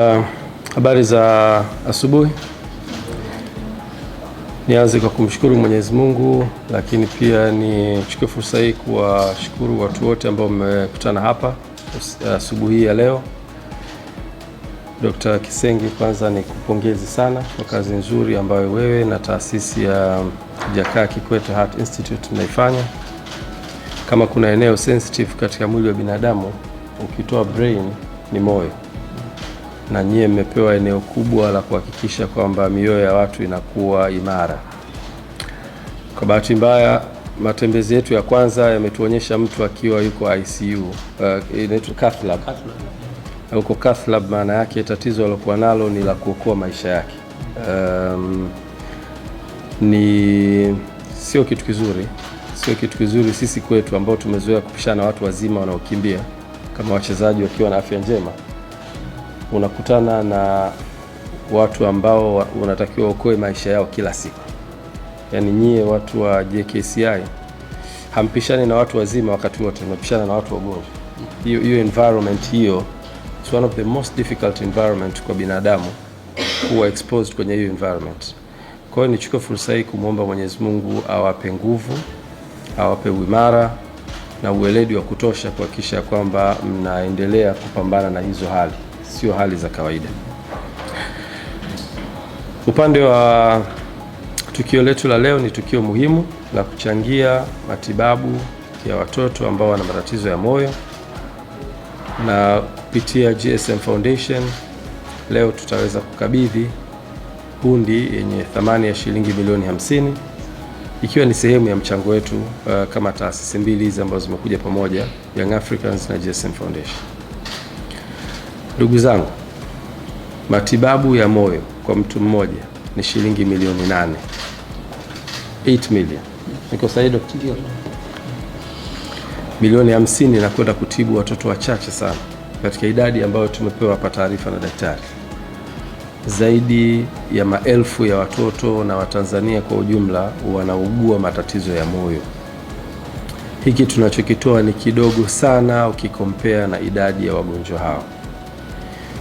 Eh, habari za asubuhi. Nianze kwa kumshukuru Mwenyezi Mungu, lakini pia nichukue fursa hii kuwashukuru watu wote ambao mmekutana hapa asubuhi ya leo. Dr. Kisengi, kwanza ni kupongezi sana kwa kazi nzuri ambayo wewe na taasisi ya Jakaya Kikwete Heart Institute mnaifanya. Kama kuna eneo sensitive katika mwili wa binadamu, ukitoa brain ni moyo na nyie mmepewa eneo kubwa la kuhakikisha kwamba mioyo ya watu inakuwa imara. Kwa bahati mbaya, matembezi yetu ya kwanza yametuonyesha mtu akiwa yuko ICU, uh, inaitwa cath lab, huko cath lab, maana yake tatizo alokuwa nalo ni la kuokoa maisha yake. Um, ni sio kitu kizuri, sio kitu kizuri sisi kwetu ambao tumezoea kupishana watu wazima wanaokimbia kama wachezaji wakiwa na afya njema unakutana na watu ambao unatakiwa okoe maisha yao kila siku. Yaani nyie watu wa JKCI hampishani na watu wazima wakati wote, unapishana na watu wagonjwa. Hiyo hiyo environment hiyo, is one of the most difficult environment kwa binadamu kuwa exposed kwenye hiyo environment. Kwa hiyo nichukue fursa hii kumwomba Mwenyezi Mungu awape nguvu, awape uimara na ueledi wa kutosha kuhakikisha kwamba mnaendelea kupambana na hizo hali sio hali za kawaida. Upande wa tukio letu la leo, ni tukio muhimu la kuchangia matibabu ya watoto ambao wana matatizo ya moyo, na kupitia GSM Foundation leo tutaweza kukabidhi hundi yenye thamani ya shilingi milioni 50 ikiwa ni sehemu ya mchango wetu uh, kama taasisi mbili hizi ambazo zimekuja pamoja Young Africans na GSM Foundation. Ndugu zangu, matibabu ya moyo kwa mtu mmoja ni shilingi milioni nane. 8 million. Niko sahihi daktari? Ndio. Milioni hamsini na kwenda kutibu watoto wachache sana katika idadi ambayo tumepewa hapa taarifa na daktari. Zaidi ya maelfu ya watoto na Watanzania kwa ujumla wanaugua matatizo ya moyo. Hiki tunachokitoa ni kidogo sana ukikompea na idadi ya wagonjwa hao.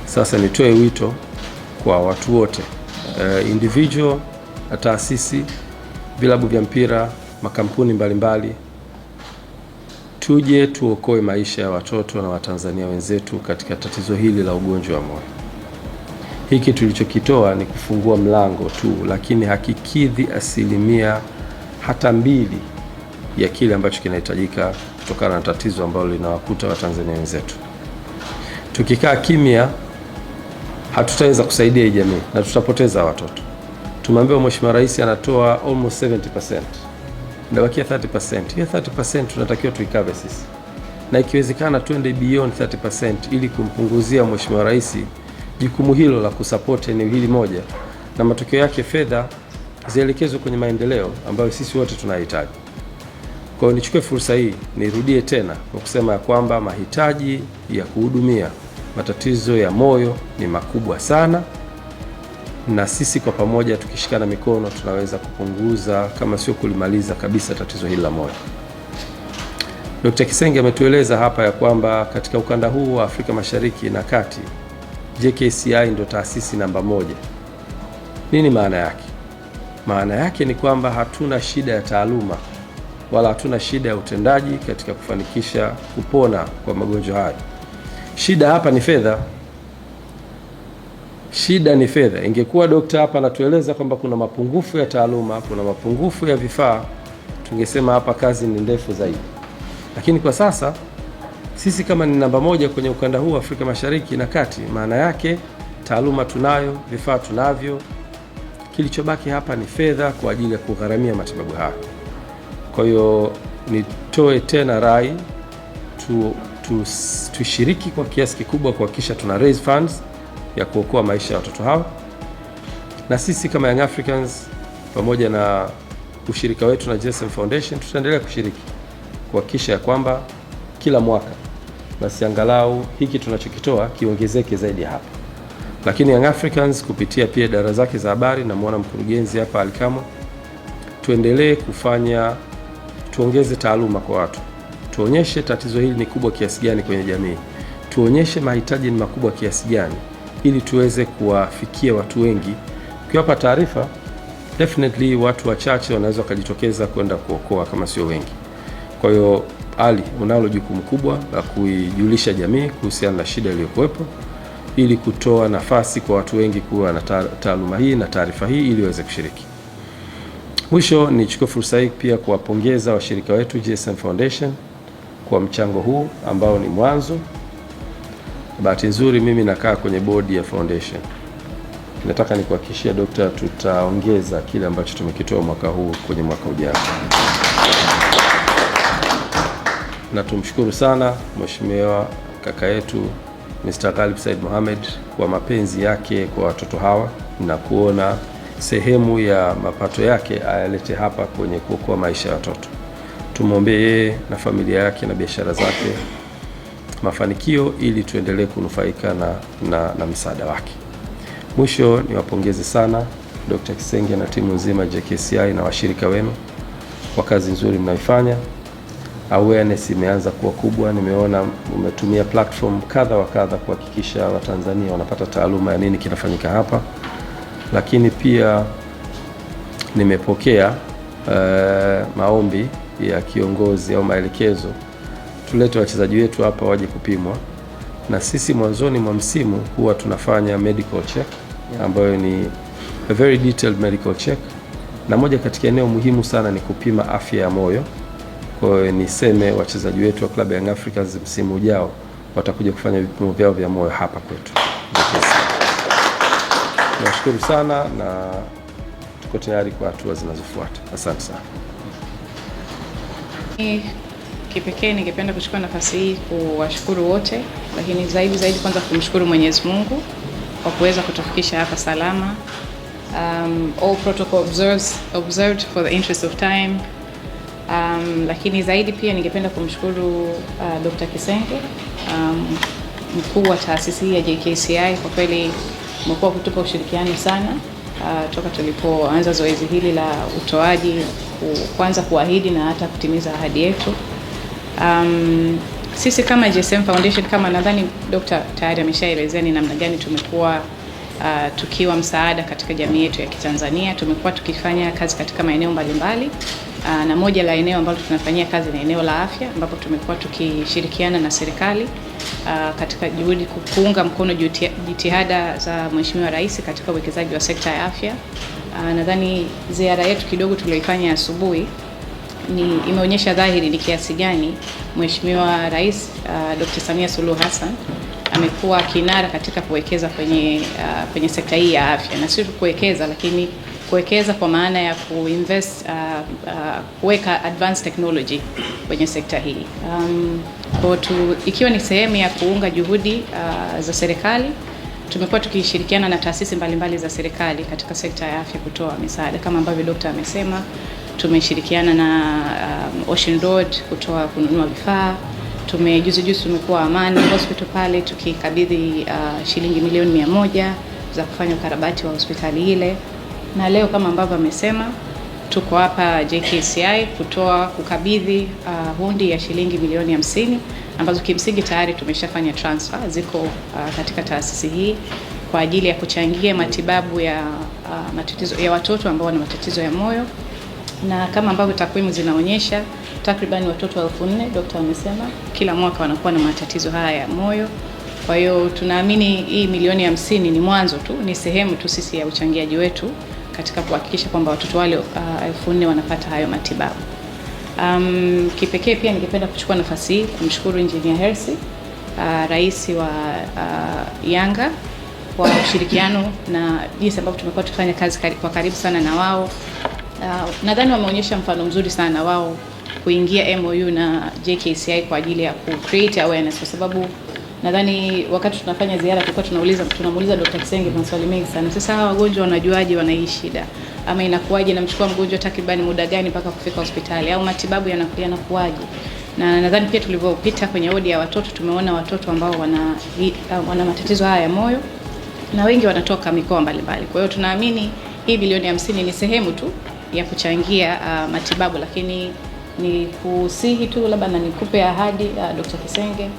Sasa nitoe wito kwa watu wote uh, individual na taasisi, vilabu vya mpira, makampuni mbalimbali mbali. Tuje tuokoe maisha ya watoto na Watanzania wenzetu katika tatizo hili la ugonjwa wa moyo. Hiki tulichokitoa ni kufungua mlango tu, lakini hakikidhi asilimia hata mbili ya kile ambacho kinahitajika kutokana na tatizo ambalo linawakuta Watanzania wenzetu. Tukikaa kimya hatutaweza kusaidia hii jamii na tutapoteza watoto. Tumeambiwa Mheshimiwa Rais anatoa almost 70%, ndabakia 30%. Hiyo 30% tunatakiwa tuikave sisi, na ikiwezekana twende beyond 30% ili kumpunguzia Mheshimiwa Rais jukumu hilo la kusapoti eneo hili moja, na matokeo yake fedha zielekezwe kwenye maendeleo ambayo sisi wote tunahitaji. Kwa hiyo nichukue fursa hii nirudie tena kwa kusema ya kwamba mahitaji ya kuhudumia matatizo ya moyo ni makubwa sana, na sisi kwa pamoja tukishikana mikono tunaweza kupunguza kama sio kulimaliza kabisa tatizo hili la moyo. Dkt. Kisenge ametueleza hapa ya kwamba katika ukanda huu wa Afrika Mashariki na Kati JKCI ndio taasisi namba moja. Nini maana yake? Maana yake ni kwamba hatuna shida ya taaluma wala hatuna shida ya utendaji katika kufanikisha kupona kwa magonjwa hayo. Shida hapa ni fedha, shida ni fedha. Ingekuwa dokta hapa anatueleza kwamba kuna mapungufu ya taaluma, kuna mapungufu ya vifaa, tungesema hapa kazi ni ndefu zaidi, lakini kwa sasa sisi kama ni namba moja kwenye ukanda huu wa Afrika Mashariki na Kati, maana yake taaluma tunayo, vifaa tunavyo, kilichobaki hapa ni fedha kwa ajili ya kugharamia matibabu haya. Kwa hiyo nitoe tena rai tu tushiriki kwa kiasi kikubwa kuhakikisha tuna raise funds ya kuokoa maisha ya watoto hawa, na sisi kama Young Africans pamoja na ushirika wetu na GSM Foundation tutaendelea kushiriki kuhakikisha ya kwamba kila mwaka basi angalau hiki tunachokitoa kiongezeke zaidi hapa. Lakini Young Africans kupitia pia idara zake za habari, namwona mkurugenzi hapa Alikamwe, tuendelee kufanya tuongeze taaluma kwa watu tuonyeshe tatizo hili ni kubwa kiasi gani kwenye jamii, tuonyeshe mahitaji ni makubwa kiasi gani, ili tuweze kuwafikia watu wengi. Ukiwapa taarifa, definitely watu wachache wanaweza wakajitokeza kwenda kuokoa kama sio wengi. Kwa hiyo, Ali, unalo jukumu kubwa la kuijulisha jamii kuhusiana na shida iliyokuwepo ili kutoa nafasi kwa watu wengi kuwa na taaluma hii na taarifa hii ili waweze kushiriki. Mwisho, nichukue fursa hii pia kuwapongeza washirika wetu GSM Foundation kwa mchango huu ambao ni mwanzo. Bahati nzuri mimi nakaa kwenye bodi ya foundation. Nataka nikuhakikishia Dokta, tutaongeza kile ambacho tumekitoa mwaka huu kwenye mwaka ujao, na tumshukuru sana mheshimiwa kaka yetu Mr. Ghalib Said Mohamed kwa mapenzi yake kwa watoto hawa na kuona sehemu ya mapato yake ayalete hapa kwenye kuokoa maisha ya watoto. Tumwombee na familia yake na biashara zake mafanikio ili tuendelee kunufaika na, na, na msaada wake. Mwisho niwapongeze sana Dr. Kisenge na timu nzima JKCI na washirika wenu kwa kazi nzuri mnaifanya. Awareness imeanza kuwa kubwa, nimeona umetumia platform kadha wa kadha kuhakikisha Watanzania wanapata taaluma ya nini kinafanyika hapa, lakini pia nimepokea uh, maombi ya kiongozi au maelekezo, tulete wachezaji wetu hapa waje kupimwa, na sisi mwanzoni mwa msimu huwa tunafanya medical check ambayo ni a very detailed medical check, na moja katika eneo muhimu sana ni kupima afya ya moyo. Kwa hiyo niseme wachezaji wetu wa klabu ya Young Africans msimu ujao watakuja kufanya vipimo vyao vya moyo hapa kwetu. Nashukuru sana na tuko tayari kwa hatua zinazofuata. Asante sana. Kipekee ningependa kuchukua nafasi hii kuwashukuru wote, lakini zaidi zaidi kwanza kumshukuru Mwenyezi Mungu kwa kuweza kutufikisha hapa salama. Um, all protocol observes, observed for the interest of time. Um, lakini zaidi pia ningependa kumshukuru uh, Dr. Kisenge um, mkuu wa taasisi hii ya JKCI kwa kweli umekuwa kutupa ushirikiano sana uh, toka tulipoanza zoezi hili la utoaji kuanza kuahidi na hata kutimiza ahadi yetu. Um, sisi kama GSM Foundation kama nadhani Dr. tayari ameshaelezea ni namna gani tumekuwa uh, tukiwa msaada katika jamii yetu ya Kitanzania. Tumekuwa tukifanya kazi katika maeneo mbalimbali uh, na moja la eneo ambalo tunafanyia kazi ni eneo la afya ambapo tumekuwa tukishirikiana na serikali uh, katika juhudi kuunga mkono jitihada za Mheshimiwa Rais katika uwekezaji wa sekta ya afya. Ah, nadhani ziara yetu kidogo tulioifanya asubuhi ni imeonyesha dhahiri ni kiasi gani Mheshimiwa Rais uh, ah, Dr. Samia Suluhu Hassan amekuwa kinara katika kuwekeza kwenye uh, kwenye sekta hii ya afya, na sio kuwekeza, lakini kuwekeza kwa maana ya kuinvest uh, uh, kuweka advanced technology kwenye sekta hii um, kwa tu, ikiwa ni sehemu ya kuunga juhudi uh, za serikali Tumekuwa tukishirikiana na taasisi mbalimbali za serikali katika sekta ya afya kutoa misaada kama ambavyo dokta amesema. Tumeshirikiana na um, Ocean Road kutoa kununua vifaa. Tumejuzi juzi juzi tumekuwa Amani Hospital pale tukikabidhi uh, shilingi milioni mia moja za kufanya ukarabati wa hospitali ile, na leo kama ambavyo amesema Tuko hapa JKCI kutoa kukabidhi uh, hundi ya shilingi milioni hamsini ambazo kimsingi tayari tumeshafanya transfer ziko uh, katika taasisi hii kwa ajili ya kuchangia matibabu ya, uh, matatizo, ya watoto ambao wana matatizo ya moyo na kama ambavyo takwimu zinaonyesha takriban watoto elfu nne daktari amesema kila mwaka wanakuwa na matatizo haya ya moyo. Kwa hiyo tunaamini hii milioni hamsini ni mwanzo tu, ni sehemu tu sisi ya uchangiaji wetu katika kuhakikisha kwamba watoto wale uh, elfu nne uh, wanapata hayo matibabu. Um, kipekee pia ningependa kuchukua nafasi hii kumshukuru Engineer Hersi uh, rais wa uh, Yanga kwa ushirikiano na jinsi ambavyo tumekuwa tukifanya kazi kwa karibu sana na wao. Uh, nadhani wameonyesha mfano mzuri sana wao kuingia MOU na JKCI kwa ajili ya ku create awareness kwa sababu Nadhani wakati tunafanya ziara tulikuwa tunauliza tunamuuliza Dr. Kisenge maswali mengi sana. Sasa hawa wagonjwa wanajuaje wanaishi shida? Ama inakuwaje namchukua mgonjwa takribani muda gani mpaka kufika hospitali au matibabu yanakuwaje? Na nadhani pia tulivyopita kwenye wodi ya watoto tumeona watoto ambao wana wana matatizo haya ya moyo na wengi wanatoka mikoa mbalimbali. Kwa hiyo tunaamini hii bilioni hamsini ni sehemu tu ya kuchangia uh, matibabu, lakini ni kusihi tu labda na nikupe ahadi uh, Dr. Kisenge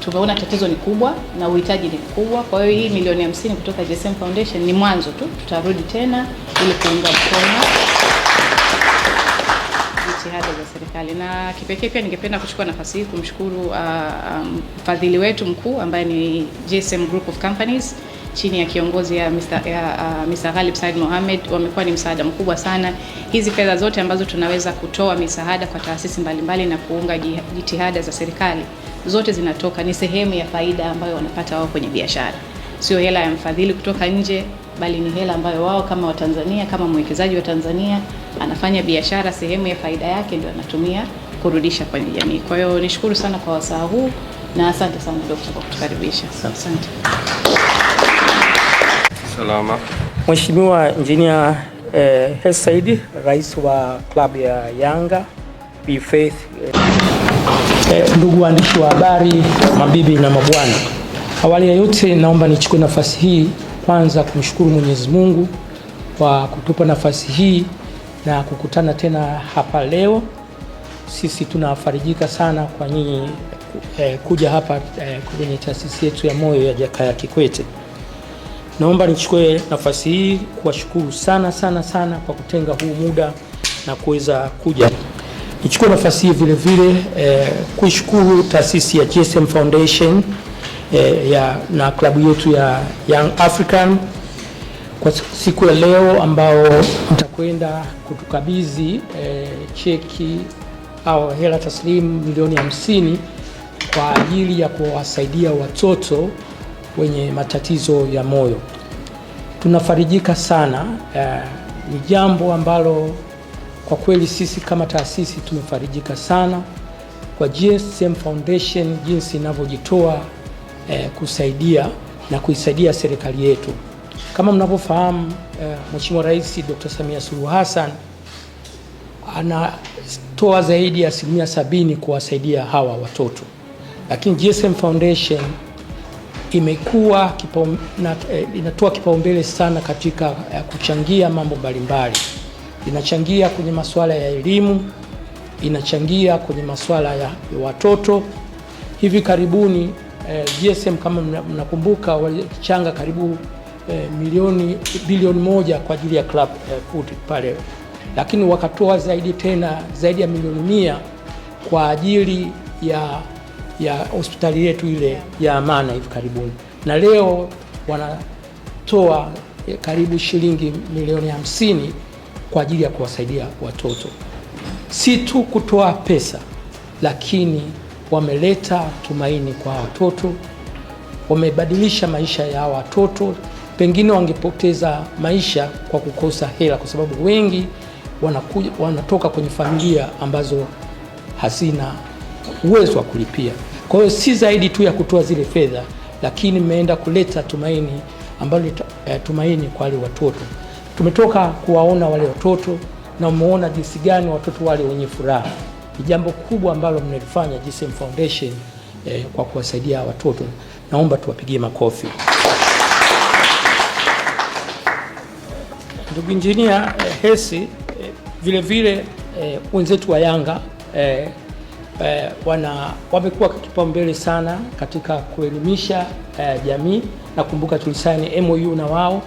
tumeona tatizo ni kubwa na uhitaji ni mkubwa. Kwa hiyo hii milioni hamsini kutoka GSM Foundation ni mwanzo tu, tutarudi tena ili kuunga mkono jitihada za serikali. Na kipekee pia ningependa kuchukua nafasi hii kumshukuru mfadhili uh, um, wetu mkuu ambaye ni GSM Group of Companies chini ya kiongozi ya Mr. ya, uh, Mr. Ghalib Said Mohamed wamekuwa ni msaada mkubwa sana. Hizi fedha zote ambazo tunaweza kutoa misaada kwa taasisi mbalimbali na kuunga jitihada za serikali zote zinatoka, ni sehemu ya faida ambayo wanapata wao kwenye biashara, sio hela ya mfadhili kutoka nje, bali ni hela ambayo wao kama Watanzania, kama mwekezaji wa Tanzania anafanya biashara, sehemu ya faida yake ndio anatumia kurudisha kwenye jamii. Kwa hiyo nishukuru sana kwa wasaa huu na asante sana Dokta kwa kutukaribisha. Asante salama. Mheshimiwa Injinia eh, Hersi rais wa klabu ya Yanga Be Faith eh ndugu waandishi wa habari, mabibi na mabwana, awali ya yote naomba nichukue nafasi hii kwanza kumshukuru Mwenyezi Mungu kwa kutupa nafasi hii na kukutana tena hapa leo. Sisi tunafarijika sana kwa nyinyi eh, kuja hapa eh, kwenye taasisi yetu ya moyo ya Jakaya Kikwete. Naomba nichukue nafasi hii kuwashukuru sana sana sana kwa kutenga huu muda na kuweza kuja Nichukue nafasi hii vile vile eh, kuishukuru taasisi ya GSM Foundation eh, ya, na klabu yetu ya Young African kwa siku ya leo ambao mtakwenda kutukabidhi eh, cheki au hela taslimu milioni hamsini kwa ajili ya kuwasaidia watoto wenye matatizo ya moyo. Tunafarijika sana eh, ni jambo ambalo kwa kweli sisi kama taasisi tumefarijika sana kwa GSM Foundation jinsi inavyojitoa eh, kusaidia na kuisaidia serikali yetu. Kama mnavyofahamu eh, Mheshimiwa Rais Dr. Samia Suluhu Hassan anatoa zaidi ya asilimia sabini kuwasaidia hawa watoto, lakini GSM Foundation imekuwa kipa, eh, inatoa kipaumbele sana katika eh, kuchangia mambo mbalimbali inachangia kwenye masuala ya elimu, inachangia kwenye masuala ya watoto. Hivi karibuni eh, GSM kama mnakumbuka walichanga karibu eh, milioni bilioni moja kwa ajili ya club eh, foot pale, lakini wakatoa zaidi tena zaidi ya milioni mia kwa ajili ya ya hospitali yetu ile ya Amana hivi karibuni, na leo wanatoa karibu shilingi milioni hamsini kwa ajili ya kuwasaidia watoto, si tu kutoa pesa, lakini wameleta tumaini kwa watoto, wamebadilisha maisha ya watoto. Pengine wangepoteza maisha kwa kukosa hela, kwa sababu wengi wanakuja, wanatoka kwenye familia ambazo hazina uwezo wa kulipia. Kwa hiyo si zaidi tu ya kutoa zile fedha, lakini mmeenda kuleta tumaini ambalo eh, tumaini kwa wale watoto. Tumetoka kuwaona wale watoto na umeona jinsi gani watoto wale wenye furaha. Ni jambo kubwa ambalo mnalifanya GSM Foundation eh, kwa kuwasaidia watoto. Naomba tuwapigie makofi. Ndugu Injinia eh, Hesi eh, vile vile eh, wenzetu wa Yanga eh, eh, wana wamekuwa kipaumbele sana katika kuelimisha eh, jamii. Nakumbuka tulisaini MOU na wao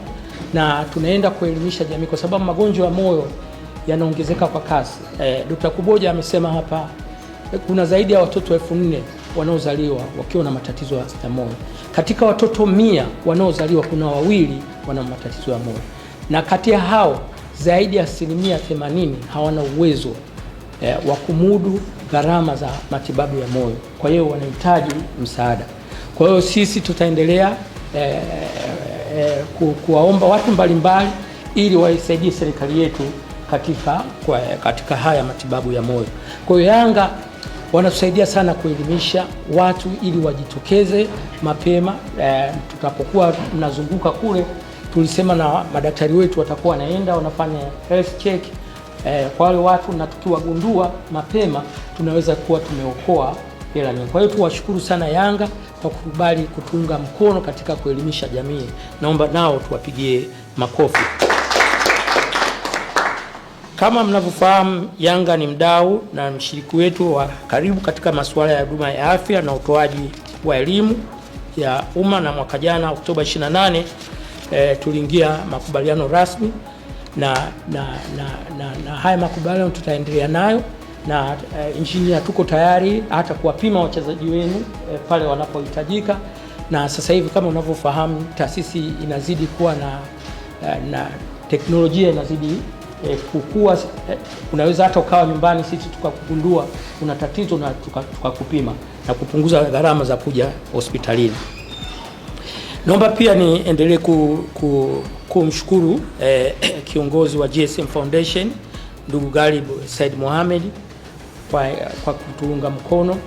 na tunaenda kuelimisha jamii kwa sababu magonjwa ya moyo yanaongezeka kwa kasi. E, eh, Dkt. Kuboja amesema hapa eh, kuna zaidi ya watoto elfu nne wanaozaliwa wakiwa na matatizo ya moyo. Katika watoto mia wanaozaliwa kuna wawili wana matatizo ya moyo, na kati ya hao zaidi ya asilimia 80 hawana uwezo e, wa kumudu gharama za matibabu ya moyo, kwa hiyo wanahitaji msaada. Kwa hiyo sisi tutaendelea e, eh, ku, kuwaomba watu mbalimbali ili waisaidie serikali yetu katika, kwa, katika haya matibabu ya moyo. Kwa hiyo Yanga wanatusaidia sana kuelimisha watu ili wajitokeze mapema. Eh, tutapokuwa tunazunguka kule tulisema na madaktari wetu watakuwa wanaenda wanafanya health check eh, kwa wale watu, na tukiwagundua mapema tunaweza kuwa tumeokoa hela nyingi. Kwa hiyo tuwashukuru sana Yanga kwa kukubali kutuunga mkono katika kuelimisha jamii. Naomba nao tuwapigie makofi. Kama mnavyofahamu, Yanga ni mdau na mshiriki wetu wa karibu katika masuala ya huduma ya afya na utoaji wa elimu ya umma, na mwaka jana Oktoba 28 eh, tuliingia makubaliano rasmi na, na, na, na, na haya makubaliano tutaendelea nayo na uh, eh, injinia, tuko tayari hata kuwapima wachezaji wenu uh, pale wanapohitajika. Na sasa hivi kama unavyofahamu, taasisi inazidi kuwa na, eh, na teknolojia inazidi uh, kukua Uh, unaweza hata ukawa nyumbani, sisi tukakugundua una tatizo na tukakupima tuka na kupunguza gharama za kuja hospitalini. Naomba pia niendelee kumshukuru ku, ku eh, kiongozi wa GSM Foundation ndugu Galib Said Mohamed kwa, kwa kutuunga mkono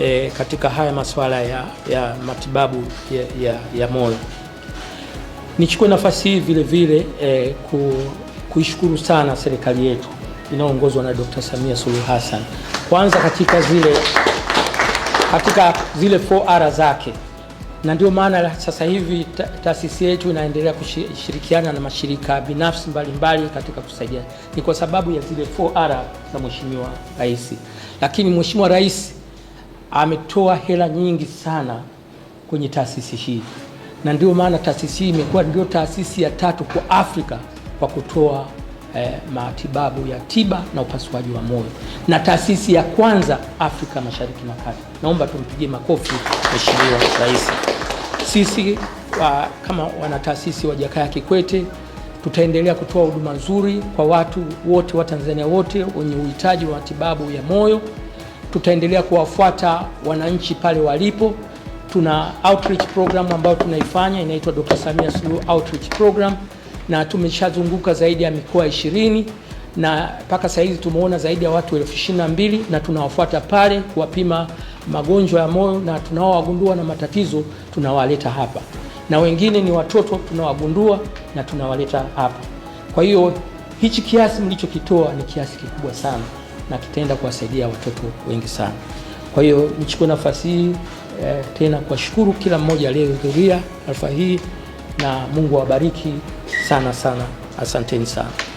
e, katika haya masuala ya, ya matibabu ya, ya, ya moyo. Nichukue nafasi hii vile vile e, ku, kuishukuru sana serikali yetu inayoongozwa na Dr. Samia Suluhu Hassan kwanza katika zile, katika zile 4R zake na ndio maana sasa hivi taasisi yetu inaendelea kushirikiana na mashirika binafsi mbalimbali katika kusaidia, ni kwa sababu ya zile 4R za Mheshimiwa Rais. Lakini Mheshimiwa Rais ametoa hela nyingi sana kwenye taasisi hii, na ndio maana taasisi hii imekuwa ndio taasisi ya tatu kwa Afrika kwa kutoa eh, matibabu ya tiba na upasuaji wa moyo na taasisi ya kwanza Afrika Mashariki na Kati. Naomba tumpigie makofi Mheshimiwa Rais. Sisi wa, kama wanataasisi wa Jakaya Kikwete tutaendelea kutoa huduma nzuri kwa watu wote wa Tanzania wote wenye uhitaji wa matibabu ya moyo. Tutaendelea kuwafuata wananchi pale walipo. Tuna outreach program ambayo tunaifanya inaitwa Dr. Samia Suluhu Outreach Program na tumeshazunguka zaidi ya mikoa ishirini na mpaka sasa hivi tumeona zaidi ya watu elfu ishirini na mbili na tunawafuata pale kuwapima magonjwa ya moyo na tunaowagundua na matatizo tunawaleta hapa, na wengine ni watoto tunawagundua na tunawaleta hapa. Kwa hiyo hichi kiasi mlichokitoa ni kiasi kikubwa sana na kitaenda kuwasaidia watoto wengi sana. Kwa hiyo nichukue nafasi hii eh, tena kuwashukuru kila mmoja aliyehudhuria alfa hii na Mungu awabariki sana sana, asanteni sana.